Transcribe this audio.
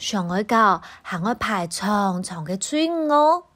.上海街行一排長長嘅村屋。